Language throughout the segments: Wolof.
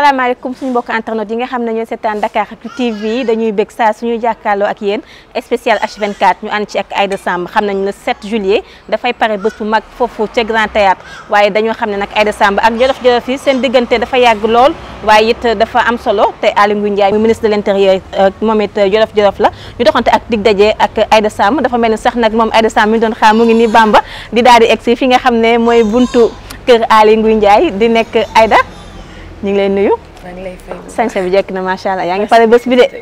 asalaamaaleykum suñu mbokk internet yi nga xam ne ñooy seetaan Dakaractu TV dañuy bëgg saa suñuy jàkkaarloo ak yéen spécial H24 ñu ànd ci ak Aïda Samb xam nañu le 7 juillet dafay pare bés bu mag waaye dañoo xam ne nag Aïda Samb ak jolof jolof yi seen diggante dafa yàgg lool waaye it dafa am solo te Aly Ngouille Ndiaye muy ministre de l'intérieur euh, moom it jolof jolof la ñu doxante ak dig daje ak Aïda Samb dafa mel ni sax nag moom Aïda Samb mi doon xaar mu ngi nii Bamba di daal di egsi fi nga xam ne mooy buntu kër Aly Ngouille Ndiaye di nekk Aïda ñu ngi lay nuyu. maa ngi sañse bi jekk na macha allah yaa ngi pare bés bi de.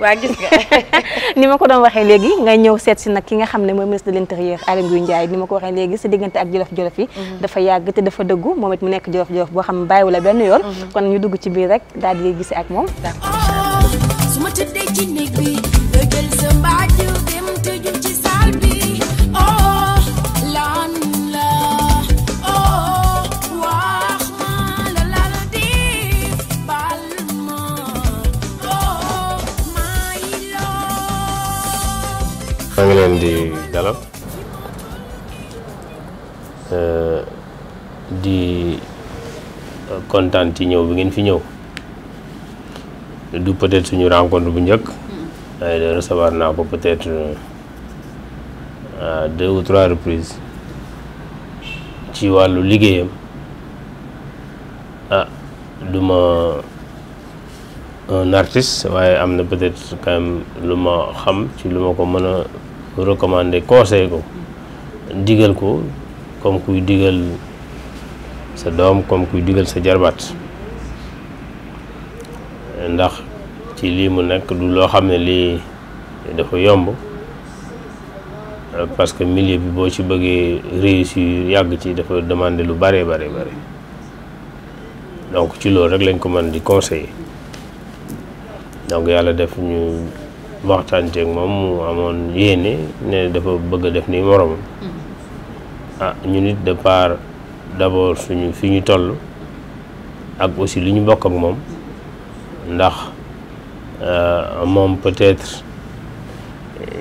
ni ma ko doon waxee léegi nga ñëw seet si nag ki nga xam ne mooy ministre de l'intérieur Aly Ngouille Ndiaye ni ma ko waxee léegi sa diggante ak jolof-jolof yi. Mhm. dafa yàgg te dafa dëggu moom it mu nekk jolof-jolof boo xam baay bàyyiwu la benn yoon. Mhm. kon ñu dugg ci biir rek daal di gisee ak moom. maa ngi leen di dalal euh, di euh, kontaan ci ñëw bi ngeen fi ñëw du peut-être suñu rencontre bu njëkk waaye mm. de recevoir naa ko peut-être euh, à deux ou trois reprises ci wàllu liggéeyam ah duma un artiste waaye am na peut-être quand lu ma xam ci lu ma ko mën a recommander conseil ko digal ko comme kuy digal sa doom comme kuy digal sa jarbaat ndax ci lii mu nekk du loo xam ne lii dafa yomb parce que milieu bi boo ci bëggee réussir yàgg ci dafa demander lu bare bare bare donc ci loolu rek lañ ko mën di conseiller donc yalla def ñu waxtante ak mom mu amone yene ne dafa bëgg def ni morom mhm. ah ñu nit de part d'abord suñu fiñu tollu ak aussi liñu bokk ak mom ndax euh, mom peut être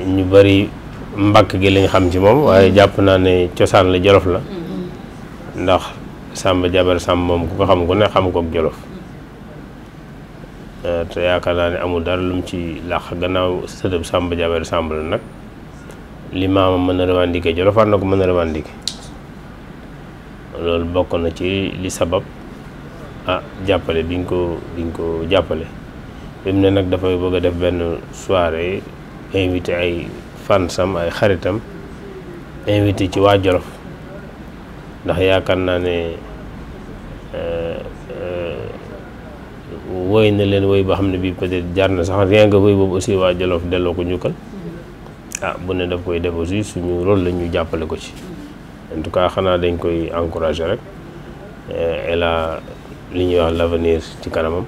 ñu bari mbak gi liñ xam ci mom waye japp na ne ciosan la jolof la mhm. ndax sàmba jabar sam mom ku ko xam ku ne xam ko ak jolof Eh, te yaakaar naa ne amul dara lum ci làq gannaaw sëtëb Samba Jaber Samba la nag li maamam mën a revendiquer Jolofaan na ko mën a revendiquer loolu bokk na ci li sabab ah jàppale bi biñ ko biñ ko jàppale bi mu ne nag dafay bëgg a def benn soirée invité ay fansam ay xaritam invité ci waa Jolof ndax yaakaar naa ne eh, woy na leen woy boo xam ne bii peut-être na sax rien que woy boobu aussi waa Jolof delloo ko njukkal ah bu ne daf koy def aussi suñu rôle la ñu jàppale ko ci en tout cas xanaa dañ koy encourager rek eh, elle li ñuy wax l'avenir ci kanamam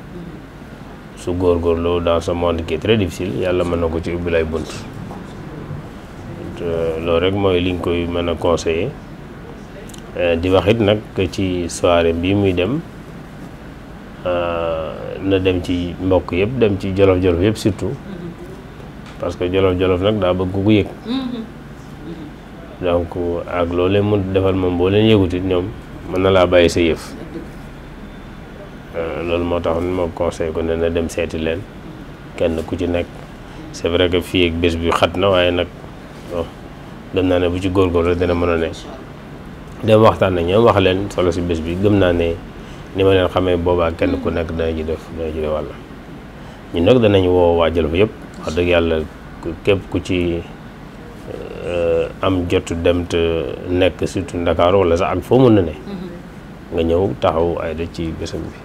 su góor góorgóorloo dans ce monde qui est très difficile yàlla mën na ko ci ubbi lay bunt euh, loolu rek mooy liñ koy mën a conseiller eh, di wax it nag ci soirée bii muy dem. Euh, na dem ci mbokk yeb dem ci jollof jollof yeb surtout parce que jollof jollof nak da bëgg ku yek donc ak lolé mu mun defal mom bo leen yegutit ñom man la baye bàyyi yef euh lool mo tax mo conseil ko na dem séti leen kenn ku ci nek c'est vrai que fi ak bés bi xatna na nak dem na né bu ci góorgóorlu dina mëna né ne dem waxtaan na ñoom wax leen solo ci bés bi gëm na né ni ma leen xamee boobaa kenn ku nekk dana ji def dana ji def wàll ñun nag danañ woo waa Jolof yëpp dëgg yàlla képp ku ci eh, am jot dem nekk surtout Ndakaaru wala sax ak foo mën na ne mm-hmm. nga ñëw taxaw Aida ci bésam bi